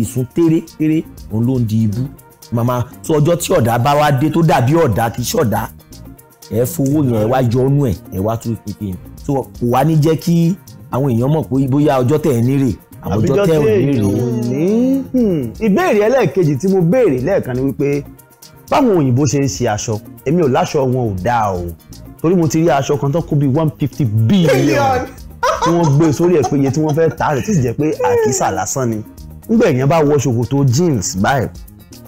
ìsun téré tere òun ló ń di ibú màmá tó ọjọ́ tí ọ̀dà bá wá dé tó dàbí ọ̀dà kì í ẹ fowó yẹn ẹ wá yọ ọ́nú ẹ̀ ẹ wá tún pínpín so kò wá ní jẹ́ kí àwọn èèyàn mọ̀ pé bóyá ọjọ́ tẹ̀ ẹ́ nírè àbójọ́ tẹ̀ ẹ́ nírè. Hmm. ìbéèrè ẹlẹ́ẹ̀kejì tí mo béèrè lẹ́ẹ̀kan ni wípé báwọn òyìnbó ṣe ń ṣe aṣọ èmi ò láṣọ wọn ò dáa o torí mo ti rí aṣọ kan tó kó bíi one fifty billion tí wọ́n gbé sórí ẹ̀ pé iye tí wọ́n fẹ́ tà rẹ̀ tí sì jẹ́ pé àkísà lásán ni nígbà èèyàn bá wọ ṣòkòtò jeans báyìí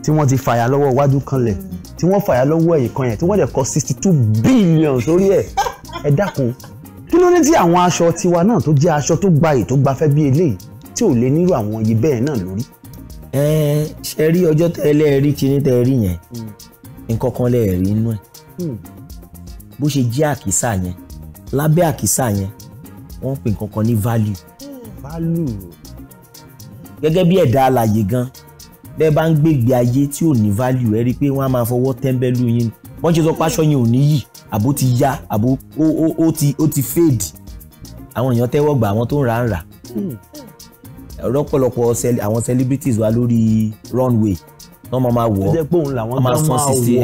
tí wọ́n ti fàyà lọ́wọ́ iwájú kanlẹ̀ tí wọ́n fàyà lọ́wọ́ ẹ̀yìn kan yẹn tí wọ́n dẹ̀ kọ sixty two billion lórí ẹ̀ ẹ dákun kí ló ní tí àwọn aṣọ tiwa náà tó jẹ́ aṣọ tó gbayì tó gbafẹ́ bí eléyìí tí ò lè nírú àwọn iye bẹ́ẹ̀ náà lórí. ẹ ṣe rí ọjọ́ tẹ lẹ rí kinní tẹ rí yẹn nǹkan kan lẹ inú ẹ bó ṣe jẹ́ àkísà yẹn lábẹ́ àkísà yẹn wọ́n pè nǹkan kan ní value. value. gẹ́gẹ́ bí ẹ̀dá alàyè gan-an bẹ́ẹ̀ bá ń gbègbè ayé tí ò ní value ẹ rí i pé wọ́n á máa fọwọ́ tẹ́ńbẹ́lú yín wọ́n ṣe sọ pé aṣọ yẹn ò ní yìí àbó ti ya àbó ó ti ó ti fade àwọn èèyàn tẹ́wọ́ gbà àwọn tó ń rà ń rà hmm. rọ́pọ̀lọpọ̀ àwọn celebrities wa lórí runway wọ́n máa máa wọ̀ ọ́ máa san sixty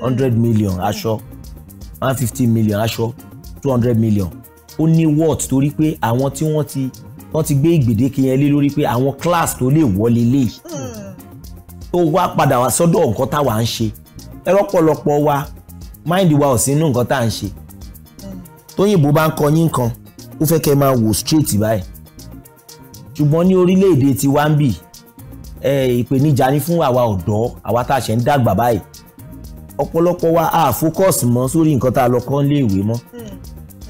hundred million aṣọ one fifty million aṣọ two hundred million ó ní worth torí pé àwọn tí wọ́n ti wọ́n ti gbé ìgbèdéke yẹn lé lórí pé àwọn class tó lè wọlé léyìí tó wá padà wá sọ́dọ̀ nǹkan táwa ń ṣe ẹ rọ́pọ̀lọpọ̀ wa máìndì wa ò sí inú nǹkan tá à ń ṣe tóyìnbó bá ń kọ yín kan ó fẹ́ kẹ́ máa wò straight báyìí ṣùgbọ́n ní orílẹ̀-èdè tiwa ń bì ìpèníjà ní fún àwa ọ̀dọ́ àwa tá a ṣẹ̀ ń dàgbà báyìí ọ̀pọ̀lọpọ̀ wa a focus mọ́ sórí nǹkan tá a lọ kọ́ ń léèwé mọ́ hmm, hmm.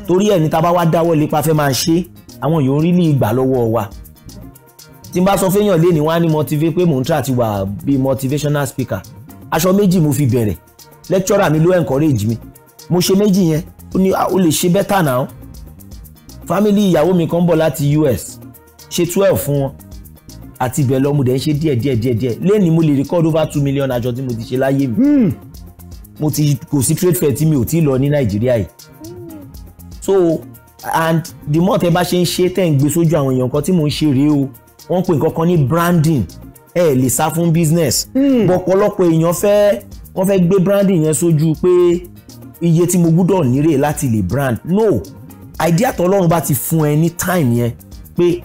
torí ẹ̀ ní tá a bá wá dáwọ́ lépa fẹ́ máa ṣe àwọn èèyàn orílẹ̀ ìgbà lọ́wọ́ wa tí n bá sọ fẹ́yàn lé wọ́n á ní motivate pé mò ń try àti wà bí motivational speaker aṣọ méjì mo fi bẹ̀rẹ̀ lecturer mi ló encourage mi mo ṣe méjì yẹn ó ní ah, o lè ṣe better now family ìyàwó mi kan bọ̀ láti US ṣe twelve fún wọn àti ibẹ̀ lọ mo dẹ̀ ń ṣe díẹ̀ díẹ̀ díẹ̀ díẹ̀ lẹ́ni mo lè record over two million àjọ tí mo ti ṣe láyé mi hmm. mo ti kò sí trade fair tí mi ò tí ì lọ ní Nàìjíríà yìí so and the more tẹ bá ṣe ń ṣe tẹ̀ ń gbé sójú àwọn èèyàn kan tí mò ń ṣe rèé o wọ́n pè nǹkan kan ní branding ẹ eh, lè sá fún business. Hmm. bọ̀ ọ̀pọ̀lọpọ̀ èèyàn fẹ́ wọ́n fẹ́ gbé branding yẹn sójú pé iye tí mo gbúdọ̀ nírè láti lè brand no idea tọ́lọ́run bá ti fún ẹ ní time yẹn pé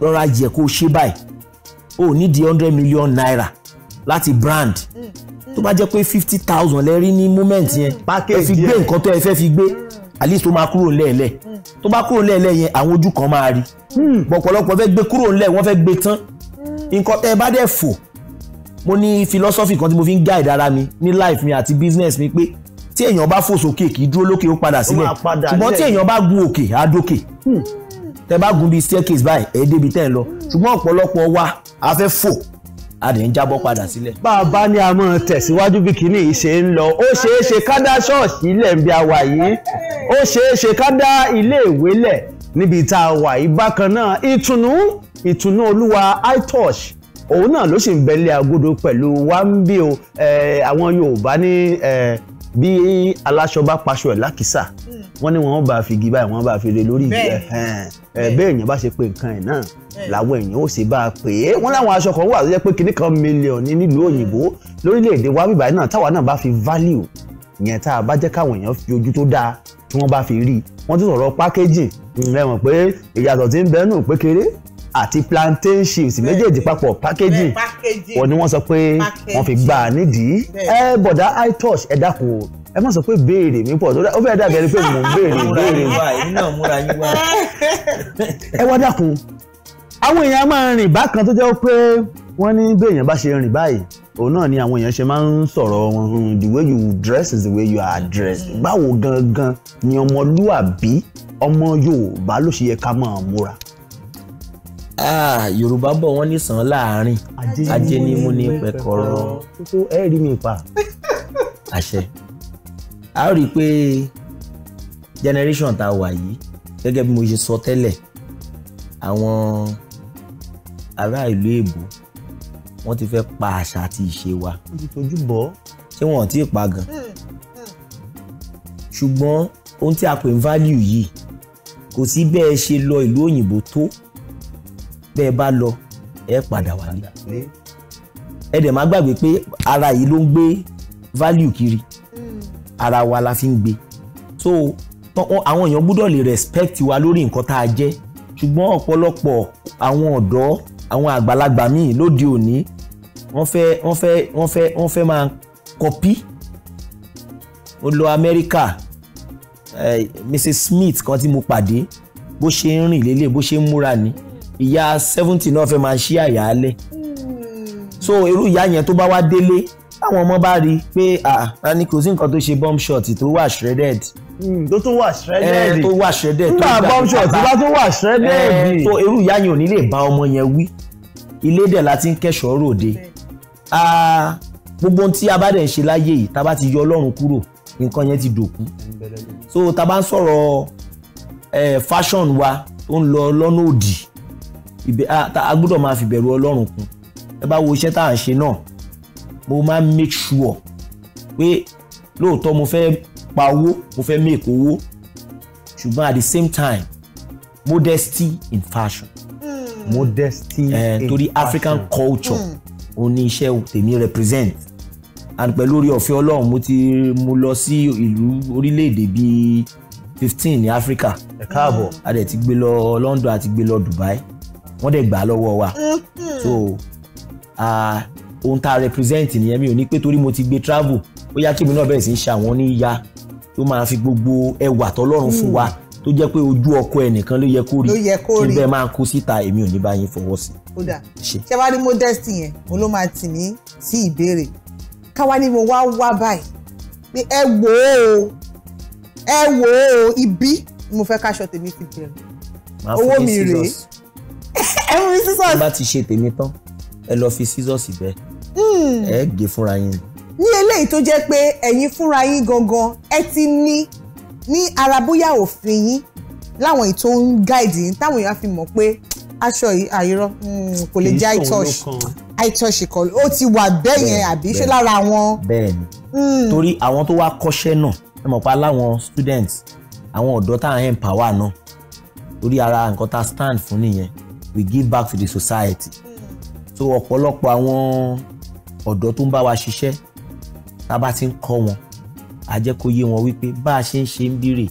rọra yẹ kó o ṣe báyìí o ní di hundred million naira láti brand hmm. tó bá jẹ́ pé fifty thousand lẹ́rí ní moment yẹn hmm. ẹ fi gbé nǹkan tó ẹ fẹ́ fi gbé. Mm at least ó máa kúrò ńlẹ̀ẹ́lẹ̀ tó bá kúrò ńlẹ̀ẹ́lẹ̀ yẹn àwọn ojú kan máa rí hmm. bọ̀pọ̀lọpọ̀ fẹ́ gbé kúrò ńlẹ̀ wọ́n fẹ́ gbé tán hmm. nǹkan tẹ́ ẹ bá dẹ̀ fò mo ní philosophy kan tí mo fi ń guide ara mi ní life mi àti business mi pé tí èèyàn bá fò sókè kì í dúró lókè ó padà sílẹ̀ ṣùgbọ́n tí èèyàn bá gun òkè á dókè hmm. tẹ́ bá gun bíi staircase báyìí ẹ̀ débi tẹ́ ń lọ ṣùgbọ́n ọ̀pọ̀lọpọ̀ wa a fẹ́ fò a dẹ̀ ń jábọ́ padà sílẹ̀. bàbá ni a máa tẹ̀síwájú bí kinní yìí ṣe ń lọ ó ṣeé ṣe ká dá ṣọ́ọ̀ṣì ilẹ̀ ń bí a wà yìí ó ṣeé ṣe ká dá ilé ìwé lẹ̀ níbi tá a wà yìí bákan náà ìtùnú ìtùnú olúwa itosh òun náà ló sì ń bẹ́lẹ̀ agodo pẹ̀lú wambi àwọn yorùbá ní bí aláṣọ bá paṣọ ẹ̀ lákìsà hmm. wọ́n ní wọ́n bá fi igi báyìí wọ́n bá fi re lórí igi ẹ̀ bẹ́ẹ̀ èèyàn bá ṣe pé nǹkan ẹ̀ náà làwọn èèyàn ó sì bá a pè é wọ́n láwọn aṣọ kan wà tó jẹ́ pé kinní kan mílíọ̀nù nílùú òyìnbó lórílẹ̀‐èdè wa bíbáyìí náà táwa náà bá fi value yẹn tá a bá jẹ́ káwọn èèyàn fi ojú tó dáa tí wọ́n bá fi rí wọ́n tún sọ̀rọ̀ pákéjì ẹ mọ̀ pé ìyàtọ̀ ti ń bẹ́ẹ̀ nù pékeré àti plantain chips méjèèjì papọ̀ packaging wọ́n ni wọ́n sọ pé wọ́n fi gbà nídìí ẹ bọ̀dá high touch ẹ dákun ẹ má sọ pé béèrè mi pọ̀ ó fẹ́ẹ́ dàbí ẹni pé mò ń béèrè béèrè ẹ wá dákun àwọn èèyàn máa rìn bákan tó jẹ́ pé wọ́n ní béèyàn bá ṣe rìn báyìí òun náà ni àwọn èèyàn ṣe máa ń sọ̀rọ̀ wọn hmm, the way you dress is the way you are dressed mm. báwo gangan ni ọmọlúàbí ọmọ Yorùbá ló ṣe yẹ ká máa múra Ah, yorùbá bọ̀ wọ́n ní sàn láàrin ajé ni mo ní pẹ̀kọ̀rọ̀ tó ẹ rí mi pa àṣẹ a ó rí i pé generation tá a wà yìí gẹ́gẹ́ bí mo ṣe sọ tẹ́lẹ̀ àwọn ará ìlú èbó wọ́n ti fẹ́ pa àṣà àti ìṣe wa. wọ́n ti tójú bọ̀. ṣé wọn ò tí ì pa gan. Hmm, hmm. ṣùgbọ́n ohun tí a pè ní value yìí kò sí bẹ́ẹ̀ ṣe lọ ìlú òyìnbó tó tẹ́ ẹ bá lọ ẹ padà wálé ẹ dẹ̀ má gbàgbé pé ara yìí ló ń gbé value kiri ara wa la fi ń gbé so àwọn èèyàn gbúdọ̀ lè respect wa lórí nǹkan tá a jẹ́ ṣùgbọ́n ọ̀pọ̀lọpọ̀ àwọn ọ̀dọ́ àwọn àgbàlagbà míì lóde òní wọ́n fẹ́ wọ́n fẹ́ wọ́n fẹ́ wọ́n fẹ́ máa kọpí ó lọ Amẹ́ríkà eh, Mrs Smith kan tí mo pàdé bó ṣe ń rìn lélẹ̀ bó ṣe ń múra ni ìyá seventy náà fẹ́ máa ṣí àyálẹ̀ so irú ìyá yẹn tó bá wá délé táwọn ọmọ bá rí i pé àní kò sí nǹkan tó ṣe bomb shot tó wà shredded hmm, tó tún wà shredded eh, tó wà shredded tó gbà bomb shot tó bá tún wà shredded eh, so irú ìyá yẹn ò ní lè bá ọmọ yẹn wí ilé dẹ̀ láti ń kẹ́ṣọ̀ọ́ ròde gbogbo tí a bá dẹ̀ ń ṣe láyé yìí tá a bá ti yọ ọlọ́run kúrò nǹkan yẹn ti dòkú so tá bá ń sọ̀rọ̀ eh, fashion wa tó ń lọ lọ́nà òdì a gbọ́dọ̀ máa fi bẹ̀rù ọlọ́run kún ẹ bá wo iṣẹ́ tá à ń ṣe náà mo máa ń make sure pé lóòótọ́ mo fẹ́ pa owó mo fẹ́ make owó ṣùgbọ́n at the same time modesty in fashion. Hmm. modesty eh, in fashion torí African culture hmm. òun mm. ni iṣẹ́ tèmi represent and pẹ̀lú orí ọ̀fẹ́ ọlọ́run mo ti mo lọ sí ìlú orílẹ̀-èdè bíi fifteen ní Africa. ẹ káàbọ̀ a dẹ̀ ti gbé lọ London a ti gbé lọ Dubai wọ́n dẹ̀ gbà lọ́wọ́ wa mm-hmm. so ohun tá a represent nìyẹn mi ò ní pé torí mo ti gbé travel ó yá kí mi náà bẹ̀rẹ̀ sí í ṣe àwọn oníya tó máa fi gbogbo ẹwà tọ́lọ́run fún wa mm. tó jẹ́ pé ojú ọkọ ẹnìkan ló yẹ kó rí kí bẹ́ẹ̀ máa kó síta èmi ò ní bá yín fọwọ́ sí. kódà ṣé wàá rí modesty yẹn mo ló máa tì mí sí ìbéèrè káwa ni mo wá wá báyìí pé ẹ wò ó ẹ wò ó ibi mo fẹ́ káṣọ tèmi fi bẹ̀rẹ̀ owó mi rèé ẹ mú scissors. bí n bá ti ṣe tèmi tán ẹ lọ fi scissors bẹ́ẹ̀ hmm. ẹ gé fúnra yín. ní eléyìí tó jẹ́ pé ẹ̀yin fúnra yín gangan ẹ ti ní ní ara bóyá òfin yín láwọn ètò ń gáìdì yín táwọn èèyàn fi mọ̀ pé aṣọ àìrọ hmm, kò lè jẹ́ itouch itouch kọ ó ti wà bẹ́ẹ̀ yẹn àbí ṣé lára àwọn. bẹ́ẹ̀ni hmm. torí àwọn tó wá kọ́ṣẹ́ náà ẹ mọ̀ pa láwọn students àwọn ọ̀dọ́ tá à ń empower náà torí ara nǹkan tá stand fún nìyẹn we give back to the society so ọ̀pọ̀lọpọ̀ àwọn ọ̀dọ́ tó ń bá wa ṣiṣẹ́ tá a bá ti ń kọ́ wọn a jẹ́ kó yé wọn wípé bá a ṣe ń ṣe ń bírè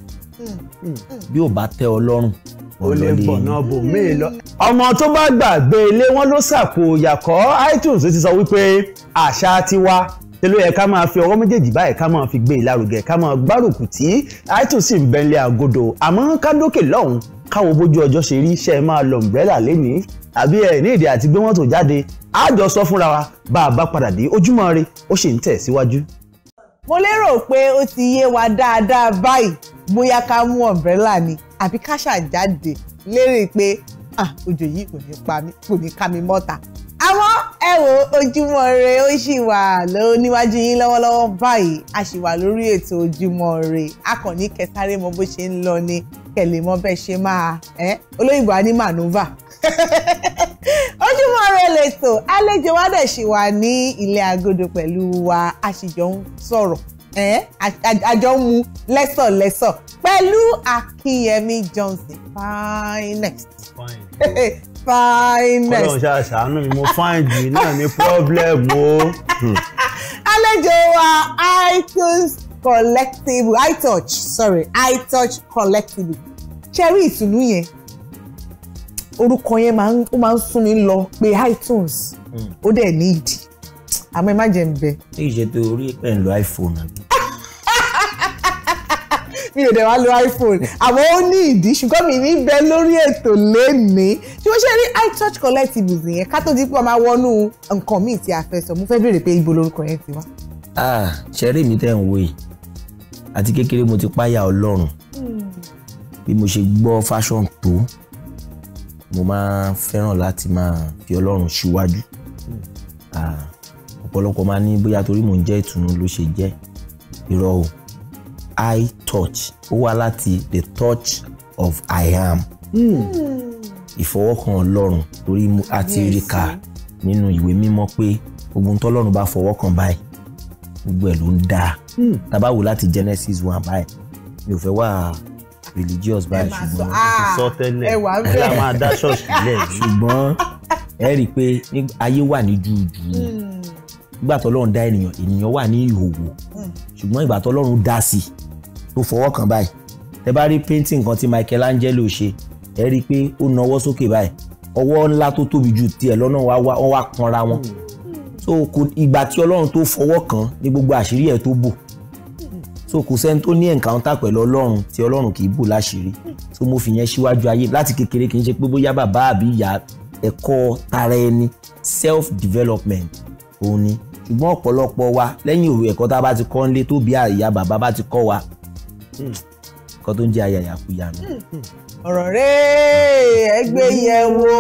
bí ò bá tẹ́ ọ lọ́rùn ó lè bọ̀nà bò míì lọ. ọmọ tó bá gbàgbé ilé wọn ló sàpò yàkọ́ iTunes ti sọ wípé àṣà tiwa ṣe ló yẹ ká máa fi ọwọ́ méjèèjì báyìí ká máa fi gbé ìlárugẹ e ká máa gbárùkù tí àìtún sì ń bẹ́ńlẹ̀ àgọ́dọ̀ àmọ́ ká lọ́hùn káwọn bójú ọjọ́ ṣe rí ṣe máa lọ umbrella lénìí àbí ẹ ní èdè àti gbé mọ́tò jáde á jọ sọ fúnra wa bá a bá padà dé Ojúmọ́ Ire ó ṣì ń tẹ̀ síwájú. mo lérò pé ó ti yé wa dáadáa báyìí bóyá ká mú umbrella ni àbí ká ṣàjáde lérè pé òjò yìí kò ní pa mí kò ní ká mi mọ́ta àmọ́ ẹ wo ojúmọ́ ire ó ṣì wà ló níwájú yín lọ́wọ́lọ́wọ́ báyìí a sì wà lórí ètò ojúmọ́ ire a kàn ní kẹsàrẹ́ mọ bó ṣe ń lọ ni kẹlẹ̀ mọ bẹ́ẹ̀ ṣe máa ẹ́ olóyìnbó á ní manova ojúmọ́ ire lẹ́tọ̀ àlejò wa dẹ̀ ṣì wà ní ilé agodo pẹ̀lú wa a sì jọ ń sọ̀rọ̀ àjọ ń mu lẹ́sọ̀lẹ́sọ̀ pẹ̀lú Akínyẹmí Johnson finest. fineness. Ọlọ́run ṣe àṣàánú mi mo fine jù náà ní problem o. Hmm. Àlejò wa iTunes Collectible iTouch sorry iTouch Collectible Cherry rí ìtùnú yẹn orúkọ yẹn ó máa ń sún mi lọ pé iTunes hmm. ó dẹ̀ ní ìdí àmọ́ ẹ má jẹ́ ń bẹ. ṣé ìṣètò orí pẹ̀lú iPhone àbí mi ò dẹ̀ wá lo iPhone àmọ́ ó ní ìdí ṣùgbọ́n mi ní bẹ lórí ètò lénìí tí wọ́n ṣe rí iTouch Collectibles yẹn ká tó di pé wọ́n máa wọnú nǹkan míì tí a fẹ́ sọ mo fẹ́ béèrè pé ibo lorúkọ yẹn ti wá. ṣẹ́rí mi tẹ́ ń wo yìí àti kékeré mo ti páyà Ọlọ́run hmm. bí mo ṣe gbọ́ fashion tó mo máa fẹ́ràn láti máa fi Ọlọ́run síwájú hmm. ọ̀pọ̀lọpọ̀ máa ní bóyá torí mò ń jẹ́ ìtùnú ló ṣe jẹ́ irọ́ o. I touch ó wá láti the touch of I am hmm. ìfọwọ́kàn ọlọ́run torí a ti rí kà nínú ìwé mímọ́ pé ogun tọ́lọ́run bá fọwọ́kàn báyìí gbogbo ẹ̀ ló ń dáa hmm. tàbá wò láti Genesis one báyìí mi ò fẹ́ wá religious báyìí ṣùgbọ́n sọ ah, tẹ́lẹ̀ ẹ̀ la máa dá ṣọ́ọ̀ṣì lẹ̀ ṣùgbọ́n ẹ rí i pé ayé wà ní jùjù. Hmm ìgbà tó Ọlọ́run dá ènìyàn ènìyàn wà ní ìhòòhò ṣùgbọ́n ìgbà tó Ọlọ́run dá sí i tó fọwọ́ kàn báyìí tẹ bá rí painting kan tí Michelangelo ṣe ẹ rí i pé ó nawọ́ sókè báyìí ọwọ́ ńlá tó tóbi ju tiẹ̀ lọ́nà wọ́n wá kanra wọn so ìgbà tí Ọlọ́run tó fọwọ́ kan ní gbogbo àṣírí ẹ̀ tó bò so kò sẹ́ni tó ní encounter pẹ̀lú Ọlọ́run tí Ọlọ́run kì í bò láṣìírí so mo fi yẹn síwájú ayé láti kékeré kì í ṣe pé bóyá bàbá àbí ìyá ẹ̀kọ́ tara ẹni self development òun ni ṣùgbọ́n ọ̀pọ̀lọpọ̀ wa lẹ́yìn òwe ẹ̀kọ́ tá a bá ti kọ́ nílé tó bí àyà bàbá bá ti kọ́ wa hmm. nǹkan tó ń jẹ́ ayàyà kú yanu. ọ̀rọ̀ rẹ̀ ẹ gbé yẹ̀ wò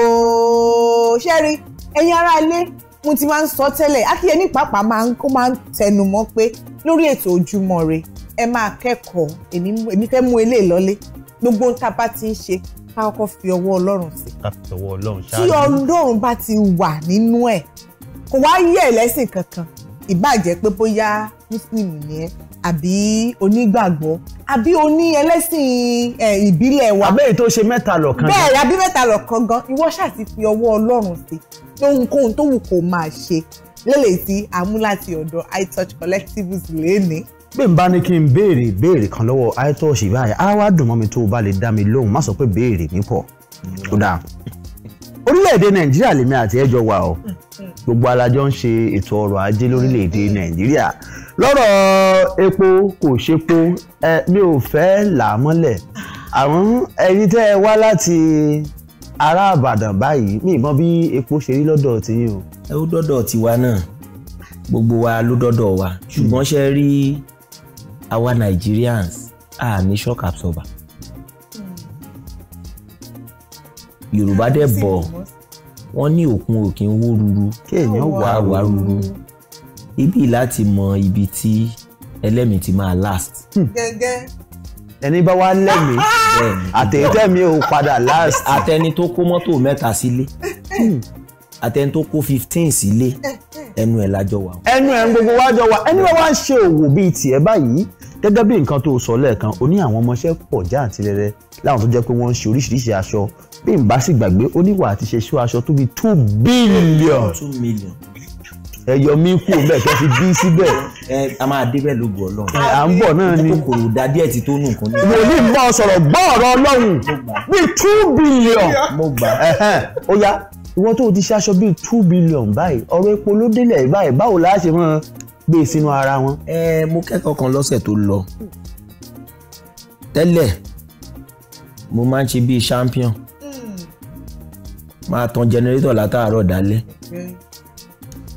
ṣẹ́rí ẹ̀yin ará ilé mo ti máa ń sọ tẹ́lẹ̀ Akínyẹmí pàápàá máa ń tẹnu mọ́ pé lórí ètò Ojúmọ́ Ire ẹ máa kẹ́kọ̀ọ́ èmi fẹ́ mú eléyìí lọ́lé gbogbo ohun tá a bá ti ń ṣe ká kọ́kọ́ fi ọwọ́ Ọlọ́run sí. ká fi ọwọ́ Ọlọ́run ṣáájú. tí Ọlọ́run bá ti wà nínú ẹ̀ kò wá yẹ ẹlẹ́sìn kankan ìbàjẹ́ pé bóyá muslim ni ẹ àbí onígbàgbọ́ àbí oní ẹlẹ́sìn ìbílẹ̀ wa. àbẹ́yìí tó ṣe mẹ́ta lọ̀kan. bẹ́ẹ̀ àbí mẹ́ta lọ̀kan gan ìwọ ṣáà ti fi ọwọ́ ọlọ́run sí lóhunkóhun tó wù kó máa ṣe lélẹ̀ tí a mú láti ọ̀dọ̀ itouch collectives lẹ́ni. bí n bá ní kí n béèrè ìbéèrè kan lọ́wọ́ itouch ìbáyà á wá dùn mọ́ mi tó o bá lè dá mi lóhùn má sọ pé béèrè mi pọ̀ kódà orílẹ̀-èdè nàìjíríà lèmi àti ẹjọ́ wa o gbogbo alájọ ń ṣe ètò ọrọ̀ ajé lórílẹ̀‐èdè nàìjíríà lọ́rọ̀ epo kò ṣepo mi ò fẹ́ là á mọ́lẹ̀ àwọn ẹni tẹ́ ẹ wá láti ará àbàdàn báyìí mi mọ bí epo ṣe rí lọ́dọ̀ tí yín o. ẹ ó dọ́dọ̀ tiwa náà gbogbo wa ló dọ́dọ̀ wa ṣùgbọ́n ṣe rí àwa Nigerians a ní shock absorber hmm. yorùbá dẹ̀ bọ̀ wọ́n ní òkun òkè ń wó ruru kéèyàn wà wá ruru ibi láti mọ ibi tí ẹlẹ́mìí ti máa last. Hmm. gẹ́gẹ́ ẹni bá wá lẹ́mìí àtẹ̀tẹ̀mí ò padà last. àtẹni tó kó mọ́tò mẹ́ta sílé hmm. àtẹni tó kó fifteen sílé ẹnu ẹ̀ lájọ wà. ẹnu ẹ̀ ń gbogbo wájọ wà ẹni wọ́n wá ń ṣe òwò bíi tiẹ̀ báyìí gẹ́gẹ́ bí nǹkan tó sọ lẹ́ẹ̀kan o ní àwọn ọmọọṣẹ́ pọ̀ jáàntirẹrẹ láwọn tó jẹ́ pé wọ́n ń ṣe oríṣiríṣi aṣọ bí n bá sì gbàgbé oníwà àti ṣe ṣó aṣọ tó bí two billion ẹyọ mi kú bẹ́ẹ̀ kẹ fi bí síbẹ̀. ẹ a máa dé bẹ́ẹ̀ lógo Ọlọ́run. ẹ à ń bọ̀ náà ni. kòkòrò da díẹ̀ ti tó nù nǹkan ní. mo ní bá ọ sọ̀rọ̀ gbọ́ ọ̀rọ̀ Ọlọ́run bíi two billion. mo gbà ó yá ìwọ tó o ti ṣaṣọ bíi two billion báyìí ọ̀rọ̀ epo ló délẹ̀ báyìí báwo la ṣe máa gbé e sínú ara wọn. ẹ mo kẹ́kọ̀ọ́ kan lọ́sẹ̀ tó lọ tẹ́lẹ̀ mo máa ń ṣe bíi champion máa tan jẹnẹrétọ̀ látàárọ̀ dálẹ́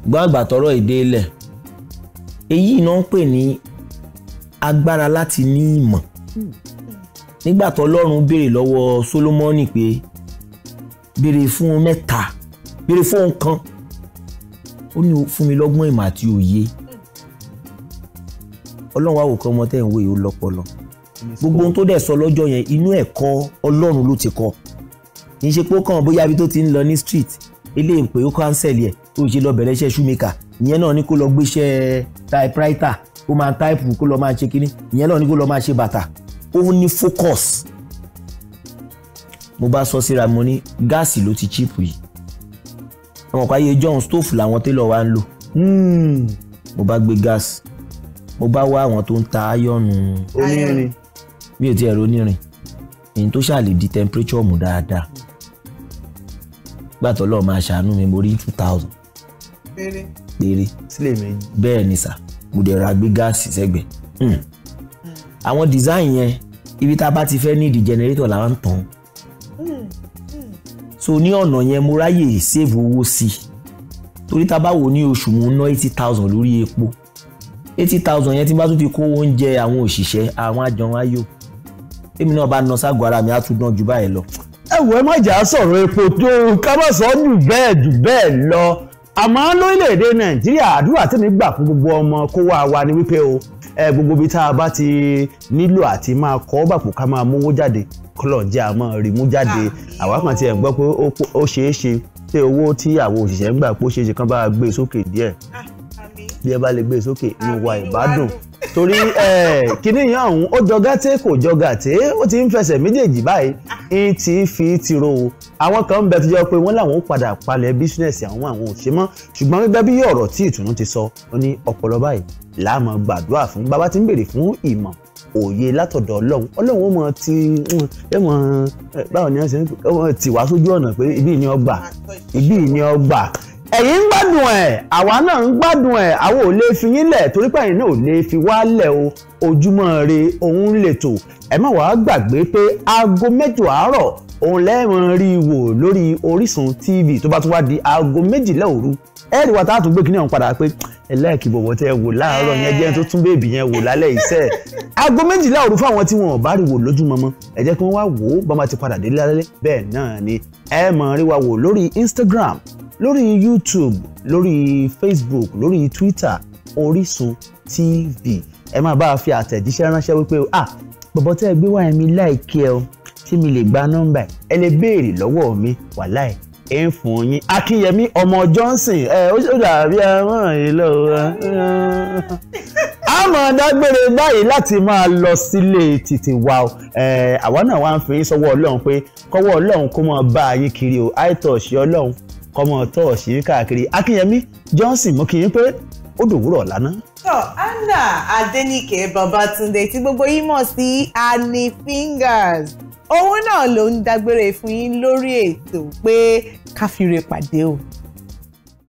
gbọ́ àgbà tọrọ èdè lẹ̀ èyí náà ń pè ní agbára láti ní ìmọ̀ nígbà tó Ọlọ́run béèrè lọ́wọ́ Sólómọ́nì pé béèrè fún mẹ́ta béèrè fún ohun kan ó ní fún mi lọ́gbọ́n ìmọ̀ àti òye Ọlọ́run àwòkọ́ ọmọ tẹ̀ ń wé yìí ó lọ́pọlọ gbogbo ohun tó dẹ̀ sọ lọ́jọ́ yẹn inú ẹ̀kọ́ Ọlọ́run ló ti kọ́ kì í ṣe pé ó kàn bóyá ibi tó ti ń lọ ní street eléyìí ń pè ó cancel yẹ ó ṣe lọ bẹ̀rẹ̀ iṣẹ́ shoemaker ìyẹn náà ni kó lọ gbéṣẹ́ typewriter ó máa type kó lọ máa ṣe kínní ìyẹn náà ni kó lọ máa ṣe bàtà ó ní focus mo bá sọ síra mo ní gáàsì ló ti cheap yìí àwọn kan ayé john stove làwọn télọ̀ wa ń lò hmm. mo bá gbé gáàsì mo bá wá àwọn tó ń ta ayọ̀nù onírin mi ò tiẹ̀ ro ní tó ṣàlè di temperature mú dáadáa gbàtọ́ lọ́ọ́ máa ṣàánú mi mo rí two thousand péré péré sílẹ̀ méjì bẹ́ẹ̀ ni sà mo dẹ̀ ra gbé gáàsì sẹ́gbẹ̀ẹ́ hmm. Hmm. àwọn design yẹn ibi tá a bá ti fẹ́ ní ìdí generator là ń tàn hmm. so ní ọ̀nà yẹn mo ráyè save owó sí i torí tá a bá wò ní oṣù mo ná eighty thousand lórí epo eighty thousand yẹn tí bá tún ti kó oúnjẹ àwọn òṣìṣẹ́ àwọn àjọ ayò tèmi náà bá nọ ságọ́ ara mi á tún dán ju báyìí lọ. ẹ wo ẹ má jà á sọ̀rọ̀ epo tó ká má sọ jù bẹ́ẹ̀ jù bẹ́ẹ̀ lọ àmọ́ lórílẹ̀‐èdè nàìjíríà àdúrà tèmi gbà fún gbogbo ọmọ kó wá wa ni wípé o ẹ gbogbo ibi tá a bá ti nílò àti máa kọ́ bàpò ká máa mówó jáde kọ́lọ̀ jẹ́ àmọ́ rí mú jáde ah. àwa kan tiẹ̀ gbọ́ pé ó ṣeé ṣe pé owó tí àwọn òṣìṣẹ́ ń gbà pé ó ṣeé ṣe kán bá gbé e sókè díẹ̀ ah, bí ẹ bá lè gbé e sókè inú ìbádùn torí kíní yẹn ọ̀hún ó jọ gàtẹ́ kò jọ gàtẹ́ ó ti ń fẹsẹ̀ méjèèjì báyìí ń ti fi tiro o àwọn kan ń bẹ tó jẹ́ pé wọ́n làwọn ó padà palẹ̀ bísínẹ́sì àwọn àwọn òṣè mọ́ ṣùgbọ́n gẹ́gẹ́ bí ọ̀rọ̀ tí ìtùnú ti sọ ó ní ọpọlọ báyìí la máa gbàdúrà fún bàbá tí ń béèrè fún ìmọ̀ òye látọ̀dọ̀ ọlọ́run ọlọ́run ó mọ ti ẹ mọ báwo ni wọ́n ṣe wá sójú ọ̀nà pé ibí ni ọgbà ibí ni ọgbà ẹ̀yin ń gbádùn ẹ̀ àwa náà ń gbádùn ẹ̀ àwa ò lè fi yín lẹ̀ torí pé ẹ̀yin náà ò lè fi wá lẹ̀ o ojúmọ́ re òun lè tò ẹ má wàá gbàgbé pé aago mẹ́jọ àárọ̀ òun lẹ́ẹ̀mọ̀ rí i wò lórí Orísun TV tó bá tún wá di aago méjìlá òru ẹ̀rì wa táà tún gbé kíní ọ̀hún padà pé ẹlẹ́ẹ̀kì bọ̀bọ̀ tẹ́ ẹ wò láàárọ̀ yẹn jẹ́ tó tún bèbí yẹn wò lálẹ́ iṣẹ́ aago méjìlá òru fún àwọn tí wọn ò bá rí wò lójúmọmọ ẹ jẹ́ kí wọ́n wá wò ó bá máa ti padà dé lálẹ́ bẹ́ẹ̀ náà ni ẹ rí wa wò lórí Instagram lórí YouTube lórí Facebook lórí Twitter Orísun TV ẹ máa bá a fi àtẹ̀jíṣẹ́ ránṣẹ́ wípé ah bọ̀bọ̀ tẹ́ ẹ gbé wá ẹ̀mí láìkí ẹ o tí mi lè gba nọ́mbà ẹ lè béèrè lọ́wọ́ mi wàláì ẹ ń fún yín Akínyẹmí ọmọ Johnson ẹ ó dàbí ẹwọn yìí lọ́wọ́ a máa dágbére báyìí láti máa lọ sílé títí wa o àwa náà wá ń fi yín sọ́wọ́ Ọlọ́run pé kọ́wọ́ Ọlọ́run kó máa bá yín kiri o àìtọ́ ṣe Ọlọ́run kọ́mọ tó ọ̀sìn káàkiri akínyẹmí johnson mo kì í pé ó dòwúrọ̀ lánàá. tọ́ anna adenike babatunde tí gbogbo yín mọ̀ sí ani fingers òun náà ló ń dágbére fún yín lórí ètò pé káfíńre pàdé o.